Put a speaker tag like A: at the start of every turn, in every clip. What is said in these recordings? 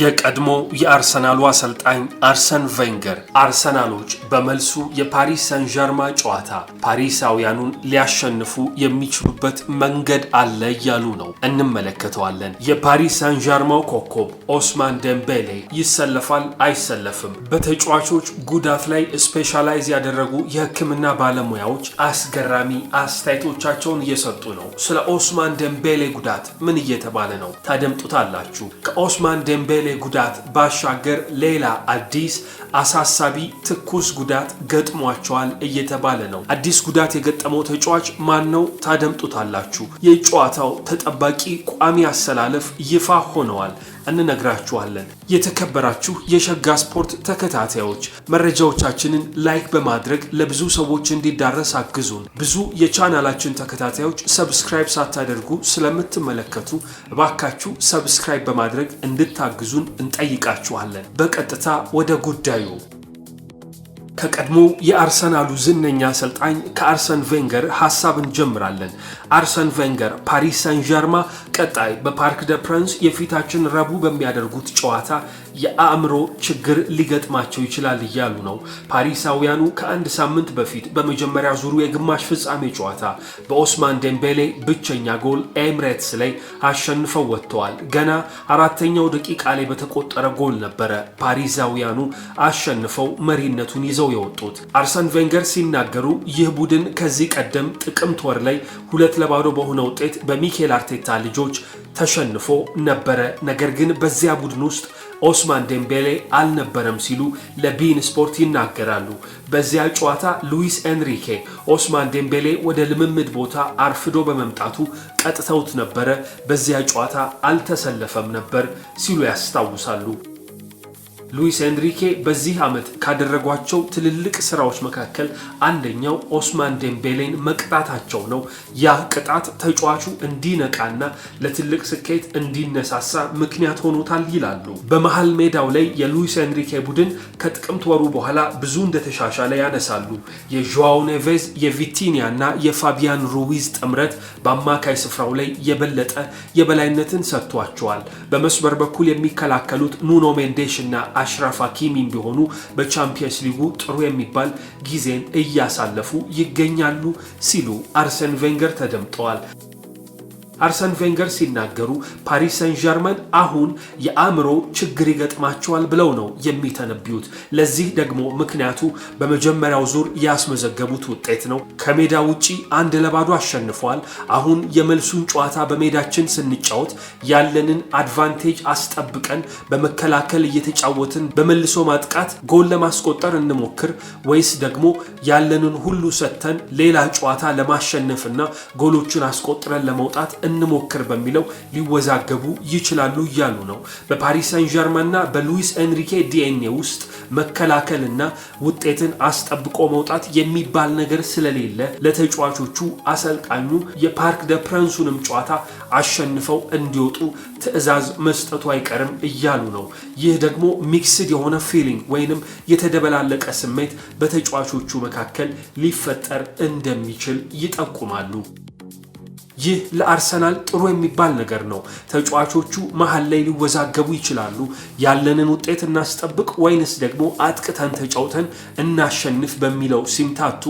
A: የቀድሞ የአርሰናሉ አሰልጣኝ አርሰን ቬንገር አርሰናሎች በመልሱ የፓሪስ ሰን ዠርማ ጨዋታ ፓሪሳውያኑን ሊያሸንፉ የሚችሉበት መንገድ አለ እያሉ ነው። እንመለከተዋለን። የፓሪስ ሰን ዠርማው ኮከብ ኦስማን ደምቤሌ ይሰለፋል አይሰለፍም? በተጫዋቾች ጉዳት ላይ ስፔሻላይዝ ያደረጉ የሕክምና ባለሙያዎች አስገራሚ አስተያየቶቻቸውን እየሰጡ ነው። ስለ ኦስማን ደምቤሌ ጉዳት ምን እየተባለ ነው? ታደምጡታላችሁ። ከኦስማን ደምቤ ከዴምቤሌ ጉዳት ባሻገር ሌላ አዲስ አሳሳቢ ትኩስ ጉዳት ገጥሟቸዋል እየተባለ ነው። አዲስ ጉዳት የገጠመው ተጫዋች ማን ነው? ታደምጡታላችሁ። የጨዋታው ተጠባቂ ቋሚ አሰላለፍ ይፋ ሆነዋል። እንነግራችኋለን። የተከበራችሁ የሸጋ ስፖርት ተከታታዮች መረጃዎቻችንን ላይክ በማድረግ ለብዙ ሰዎች እንዲዳረስ አግዙን። ብዙ የቻናላችን ተከታታዮች ሰብስክራይብ ሳታደርጉ ስለምትመለከቱ እባካችሁ ሰብስክራይብ በማድረግ እንድታግዙን እንጠይቃችኋለን። በቀጥታ ወደ ጉዳዩ ከቀድሞ የአርሰናሉ ዝነኛ አሰልጣኝ ከአርሰን ቬንገር ሀሳብ እንጀምራለን። አርሰን ቬንገር ፓሪስ ሳን ዣርማ ቀጣይ በፓርክ ደ ፕረንስ የፊታችን ረቡዕ በሚያደርጉት ጨዋታ የአእምሮ ችግር ሊገጥማቸው ይችላል እያሉ ነው። ፓሪሳውያኑ ከአንድ ሳምንት በፊት በመጀመሪያ ዙሩ የግማሽ ፍጻሜ ጨዋታ በኦስማን ዴምቤሌ ብቸኛ ጎል ኤምሬትስ ላይ አሸንፈው ወጥተዋል። ገና አራተኛው ደቂቃ ላይ በተቆጠረ ጎል ነበረ ፓሪሳውያኑ አሸንፈው መሪነቱን ይዘው የወጡት። አርሰን ቬንገር ሲናገሩ ይህ ቡድን ከዚህ ቀደም ጥቅምት ወር ላይ ሁለት ለባዶ በሆነ ውጤት በሚኬል አርቴታ ልጆች ተሸንፎ ነበረ። ነገር ግን በዚያ ቡድን ውስጥ ኦስማን ዴምቤሌ አልነበረም ሲሉ ለቢን ስፖርት ይናገራሉ። በዚያ ጨዋታ ሉዊስ ኤንሪኬ ኦስማን ዴምቤሌ ወደ ልምምድ ቦታ አርፍዶ በመምጣቱ ቀጥተውት ነበረ። በዚያ ጨዋታ አልተሰለፈም ነበር ሲሉ ያስታውሳሉ። ሉዊስ ኤንሪኬ በዚህ ዓመት ካደረጓቸው ትልልቅ ስራዎች መካከል አንደኛው ኦስማን ዴምቤሌን መቅጣታቸው ነው። ያ ቅጣት ተጫዋቹ እንዲነቃና ለትልቅ ስኬት እንዲነሳሳ ምክንያት ሆኖታል ይላሉ። በመሃል ሜዳው ላይ የሉዊስ ኤንሪኬ ቡድን ከጥቅምት ወሩ በኋላ ብዙ እንደተሻሻለ ያነሳሉ። የዦዋው ኔቬዝ የቪቲኒያ እና የፋቢያን ሩዊዝ ጥምረት በአማካይ ስፍራው ላይ የበለጠ የበላይነትን ሰጥቷቸዋል። በመስመር በኩል የሚከላከሉት ኑኖ ሜንዴሽ እና አሽራፍ ሀኪሚም ቢሆኑ በቻምፒየንስ ሊጉ ጥሩ የሚባል ጊዜን እያሳለፉ ይገኛሉ ሲሉ አርሰን ቬንገር ተደምጠዋል። አርሰን ቬንገር ሲናገሩ ፓሪስ ሰን ዠርመን አሁን የአእምሮ ችግር ይገጥማቸዋል ብለው ነው የሚተነብዩት። ለዚህ ደግሞ ምክንያቱ በመጀመሪያው ዙር ያስመዘገቡት ውጤት ነው። ከሜዳ ውጪ አንድ ለባዶ አሸንፏል። አሁን የመልሱን ጨዋታ በሜዳችን ስንጫወት ያለንን አድቫንቴጅ አስጠብቀን በመከላከል እየተጫወትን በመልሶ ማጥቃት ጎል ለማስቆጠር እንሞክር ወይስ ደግሞ ያለንን ሁሉ ሰጥተን ሌላ ጨዋታ ለማሸነፍና ጎሎችን አስቆጥረን ለመውጣት እንሞክር በሚለው ሊወዛገቡ ይችላሉ እያሉ ነው። በፓሪስ ሳን ዠርማንና በሉዊስ ኤንሪኬ ዲኤንኤ ውስጥ መከላከልና ውጤትን አስጠብቆ መውጣት የሚባል ነገር ስለሌለ ለተጫዋቾቹ አሰልጣኙ የፓርክ ደ ፕረንሱንም ጨዋታ አሸንፈው እንዲወጡ ትዕዛዝ መስጠቱ አይቀርም እያሉ ነው። ይህ ደግሞ ሚክስድ የሆነ ፊሊንግ ወይንም የተደበላለቀ ስሜት በተጫዋቾቹ መካከል ሊፈጠር እንደሚችል ይጠቁማሉ። ይህ ለአርሰናል ጥሩ የሚባል ነገር ነው። ተጫዋቾቹ መሀል ላይ ሊወዛገቡ ይችላሉ። ያለንን ውጤት እናስጠብቅ ወይንስ ደግሞ አጥቅተን ተጫውተን እናሸንፍ በሚለው ሲምታቱ፣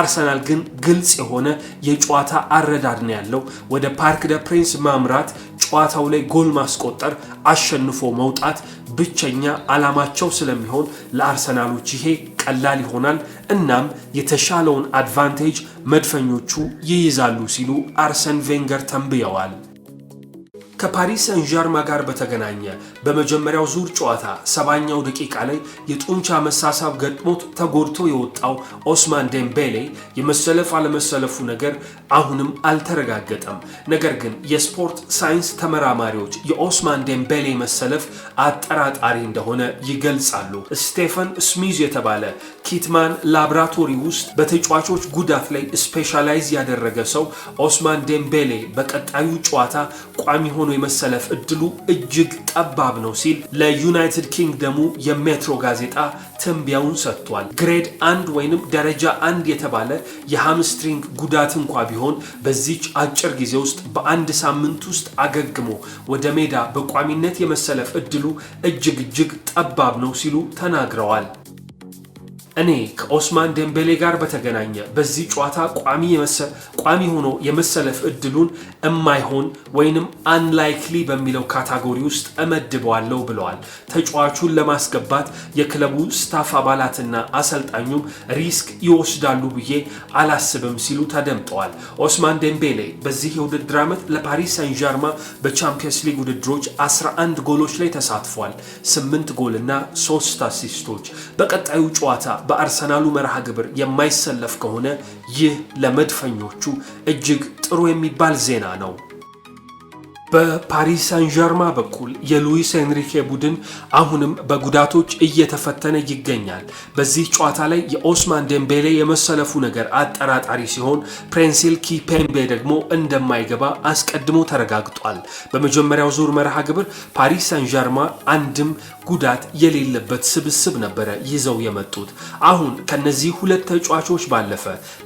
A: አርሰናል ግን ግልጽ የሆነ የጨዋታ አረዳድ ነው ያለው። ወደ ፓርክ ደ ፕሪንስ ማምራት፣ ጨዋታው ላይ ጎል ማስቆጠር፣ አሸንፎ መውጣት ብቸኛ አላማቸው ስለሚሆን ለአርሰናሎች ይሄ ቀላል ይሆናል። እናም የተሻለውን አድቫንቴጅ መድፈኞቹ ይይዛሉ ሲሉ አርሰን ቬንገር ተንብየዋል። ከፓሪስ ሰንዣርማ ጋር በተገናኘ በመጀመሪያው ዙር ጨዋታ ሰባኛው ደቂቃ ላይ የጡንቻ መሳሳብ ገጥሞት ተጎድቶ የወጣው ኦስማን ዴምቤሌ የመሰለፍ አለመሰለፉ ነገር አሁንም አልተረጋገጠም። ነገር ግን የስፖርት ሳይንስ ተመራማሪዎች የኦስማን ዴምቤሌ መሰለፍ አጠራጣሪ እንደሆነ ይገልጻሉ። ስቴፈን ስሚዝ የተባለ ኪትማን ላብራቶሪ ውስጥ በተጫዋቾች ጉዳት ላይ ስፔሻላይዝ ያደረገ ሰው ኦስማን ዴምቤሌ በቀጣዩ ጨዋታ ቋሚ ሆኖ ሆኖ የመሰለፍ እድሉ እጅግ ጠባብ ነው ሲል ለዩናይትድ ኪንግደሙ የሜትሮ ጋዜጣ ትንቢያውን ሰጥቷል። ግሬድ አንድ ወይንም ደረጃ አንድ የተባለ የሃምስትሪንግ ጉዳት እንኳ ቢሆን በዚች አጭር ጊዜ ውስጥ በአንድ ሳምንት ውስጥ አገግሞ ወደ ሜዳ በቋሚነት የመሰለፍ እድሉ እጅግ እጅግ ጠባብ ነው ሲሉ ተናግረዋል። እኔ ከኦስማን ደንቤሌ ጋር በተገናኘ በዚህ ጨዋታ ቋሚ ሆኖ የመሰለፍ እድሉን እማይሆን ወይንም አንላይክሊ በሚለው ካታጎሪ ውስጥ እመድበዋለሁ ብለዋል። ተጫዋቹን ለማስገባት የክለቡ ስታፍ አባላትና አሰልጣኙም ሪስክ ይወስዳሉ ብዬ አላስብም ሲሉ ተደምጠዋል። ኦስማን ደንቤሌ በዚህ የውድድር ዓመት ለፓሪስ ሳን ዣርማ በቻምፒየንስ ሊግ ውድድሮች 11 ጎሎች ላይ ተሳትፏል። 8 ጎልና 3 አሲስቶች በቀጣዩ ጨዋታ በአርሰናሉ መርሃ ግብር የማይሰለፍ ከሆነ ይህ ለመድፈኞቹ እጅግ ጥሩ የሚባል ዜና ነው። በፓሪስ ሳን ዠርማ በኩል የሉዊስ ኤንሪኬ ቡድን አሁንም በጉዳቶች እየተፈተነ ይገኛል። በዚህ ጨዋታ ላይ የኦስማን ደምቤሌ የመሰለፉ ነገር አጠራጣሪ ሲሆን ፕሬንሲል ኪፔምቤ ደግሞ እንደማይገባ አስቀድሞ ተረጋግጧል። በመጀመሪያው ዙር መርሃ ግብር ፓሪስ ሳን ዠርማ አንድም ጉዳት የሌለበት ስብስብ ነበረ ይዘው የመጡት። አሁን ከነዚህ ሁለት ተጫዋቾች ባለፈ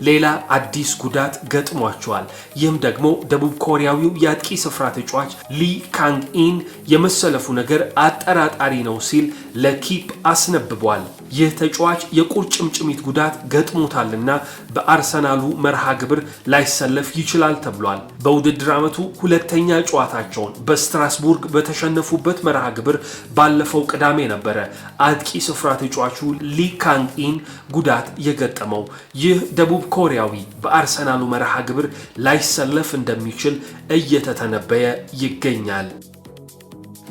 A: ሌላ አዲስ ጉዳት ገጥሟቸዋል። ይህም ደግሞ ደቡብ ኮሪያዊው የአጥቂ ስፍራ ተጫ ተጫዋች ሊ ካንግ ኢን የመሰለፉ ነገር አጠራጣሪ ነው ሲል ለኪፕ አስነብቧል። ይህ ተጫዋች የቁርጭምጭሚት ጉዳት ገጥሞታልና በአርሰናሉ መርሃ ግብር ላይሰለፍ ይችላል ተብሏል። በውድድር ዓመቱ ሁለተኛ ጨዋታቸውን በስትራስቡርግ በተሸነፉበት መርሃ ግብር ባለፈው ቅዳሜ ነበረ አጥቂ ስፍራ ተጫዋቹ ሊካንኢን ጉዳት የገጠመው። ይህ ደቡብ ኮሪያዊ በአርሰናሉ መርሃ ግብር ላይሰለፍ እንደሚችል እየተተነበየ ይገኛል።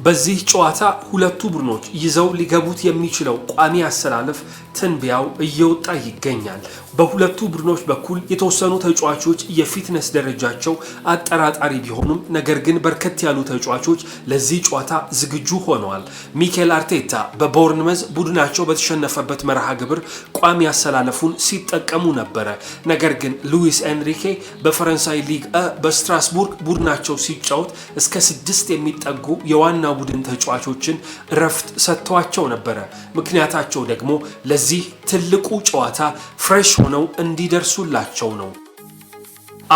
A: በዚህ ጨዋታ ሁለቱ ቡድኖች ይዘው ሊገቡት የሚችለው ቋሚ አሰላለፍ ትንቢያው እየወጣ ይገኛል። በሁለቱ ቡድኖች በኩል የተወሰኑ ተጫዋቾች የፊትነስ ደረጃቸው አጠራጣሪ ቢሆኑም ነገር ግን በርከት ያሉ ተጫዋቾች ለዚህ ጨዋታ ዝግጁ ሆነዋል። ሚኬል አርቴታ በቦርንመዝ ቡድናቸው በተሸነፈበት መርሃ ግብር ቋሚ ያሰላለፉን ሲጠቀሙ ነበረ። ነገር ግን ሉዊስ ኤንሪኬ በፈረንሳይ ሊግ አ በስትራስቡርግ ቡድናቸው ሲጫወት እስከ ስድስት የሚጠጉ የዋና ቡድን ተጫዋቾችን እረፍት ሰጥተዋቸው ነበረ። ምክንያታቸው ደግሞ ለዚህ ትልቁ ጨዋታ ፍሬሽ ሆነው እንዲደርሱላቸው ነው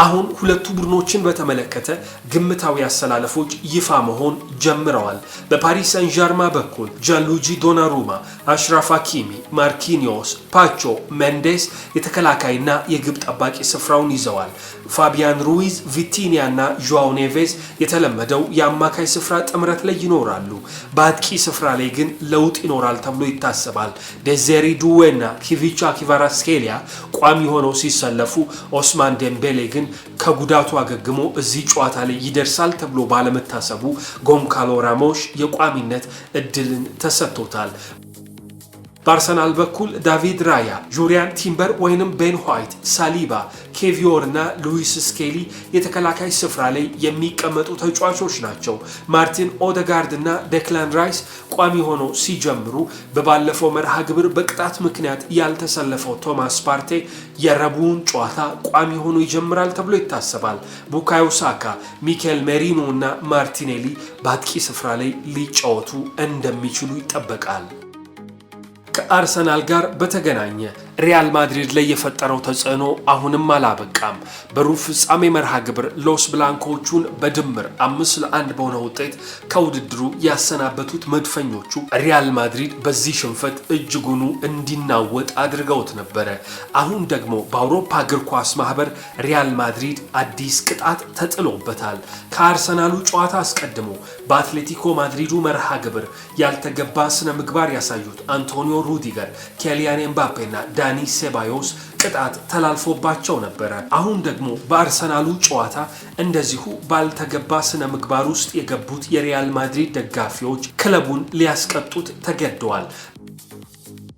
A: አሁን ሁለቱ ቡድኖችን በተመለከተ ግምታዊ አሰላለፎች ይፋ መሆን ጀምረዋል። በፓሪስ ሳን ዣርማ በኩል ጃንሉጂ ዶናሩማ፣ አሽራፍ ሀኪሚ፣ ማርኪኒዮስ፣ ፓቾ፣ ሜንዴስ የተከላካይና የግብ ጠባቂ ስፍራውን ይዘዋል። ፋቢያን ሩዊዝ፣ ቪቲኒያ እና ዣኦ ኔቬዝ የተለመደው የአማካይ ስፍራ ጥምረት ላይ ይኖራሉ። በአጥቂ ስፍራ ላይ ግን ለውጥ ይኖራል ተብሎ ይታሰባል። ዴዜሪ ዱዌና ኪቪቻ ኪቫራስኬሊያ ቋሚ ሆነው ሲሰለፉ ኦስማን ዴምቤሌ ግን ከጉዳቱ አገግሞ እዚህ ጨዋታ ላይ ይደርሳል ተብሎ ባለመታሰቡ ጎንካሎ ራሞሽ የቋሚነት እድልን ተሰጥቶታል። በአርሰናል በኩል ዳቪድ ራያ፣ ጁሪያን ቲምበር ወይንም ቤን ዋይት፣ ሳሊባ፣ ኬቪዮር እና ሉዊስ ስኬሊ የተከላካይ ስፍራ ላይ የሚቀመጡ ተጫዋቾች ናቸው። ማርቲን ኦደጋርድ እና ዴክላን ራይስ ቋሚ ሆነው ሲጀምሩ በባለፈው መርሃ ግብር በቅጣት ምክንያት ያልተሰለፈው ቶማስ ፓርቴ የረቡውን ጨዋታ ቋሚ ሆኖ ይጀምራል ተብሎ ይታሰባል። ቡካዮ ሳካ፣ ሚኬል ሜሪኖ እና ማርቲኔሊ በአጥቂ ስፍራ ላይ ሊጫወቱ እንደሚችሉ ይጠበቃል። ከአርሰናል ጋር በተገናኘ ሪያል ማድሪድ ላይ የፈጠረው ተጽዕኖ አሁንም አላበቃም። በሩብ ፍጻሜ መርሃ ግብር ሎስ ብላንኮቹን በድምር አምስት ለአንድ በሆነ ውጤት ከውድድሩ ያሰናበቱት መድፈኞቹ ሪያል ማድሪድ በዚህ ሽንፈት እጅጉኑ እንዲናወጥ አድርገውት ነበረ። አሁን ደግሞ በአውሮፓ እግር ኳስ ማህበር ሪያል ማድሪድ አዲስ ቅጣት ተጥሎበታል። ከአርሰናሉ ጨዋታ አስቀድሞ በአትሌቲኮ ማድሪዱ መርሃ ግብር ያልተገባ ስነ ምግባር ያሳዩት አንቶኒዮ ሩዲገር፣ ኬሊያን ኤምባፔና ዳኒ ሴባዮስ ቅጣት ተላልፎባቸው ነበረ። አሁን ደግሞ በአርሰናሉ ጨዋታ እንደዚሁ ባልተገባ ስነ ምግባር ውስጥ የገቡት የሪያል ማድሪድ ደጋፊዎች ክለቡን ሊያስቀጡት ተገደዋል።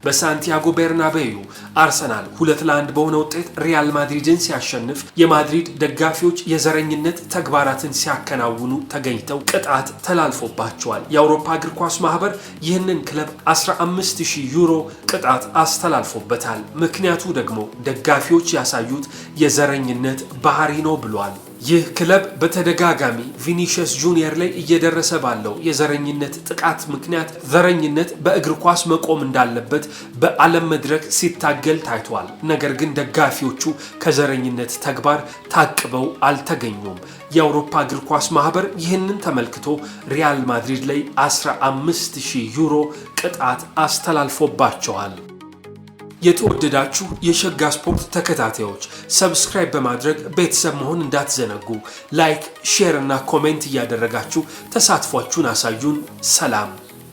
A: በሳንቲያጎ ቤርናቤዩ አርሰናል ሁለት ለአንድ በሆነ ውጤት ሪያል ማድሪድን ሲያሸንፍ የማድሪድ ደጋፊዎች የዘረኝነት ተግባራትን ሲያከናውኑ ተገኝተው ቅጣት ተላልፎባቸዋል። የአውሮፓ እግር ኳስ ማህበር ይህንን ክለብ 15000 ዩሮ ቅጣት አስተላልፎበታል። ምክንያቱ ደግሞ ደጋፊዎች ያሳዩት የዘረኝነት ባህሪ ነው ብሏል። ይህ ክለብ በተደጋጋሚ ቪኒሽስ ጁኒየር ላይ እየደረሰ ባለው የዘረኝነት ጥቃት ምክንያት ዘረኝነት በእግር ኳስ መቆም እንዳለበት በዓለም መድረክ ሲታገል ታይቷል። ነገር ግን ደጋፊዎቹ ከዘረኝነት ተግባር ታቅበው አልተገኙም። የአውሮፓ እግር ኳስ ማህበር ይህንን ተመልክቶ ሪያል ማድሪድ ላይ 15000 ዩሮ ቅጣት አስተላልፎባቸዋል። የተወደዳችሁ የሸጋ ስፖርት ተከታታዮች ሰብስክራይብ በማድረግ ቤተሰብ መሆን እንዳትዘነጉ። ላይክ፣ ሼር እና ኮሜንት እያደረጋችሁ ተሳትፏችሁን አሳዩን። ሰላም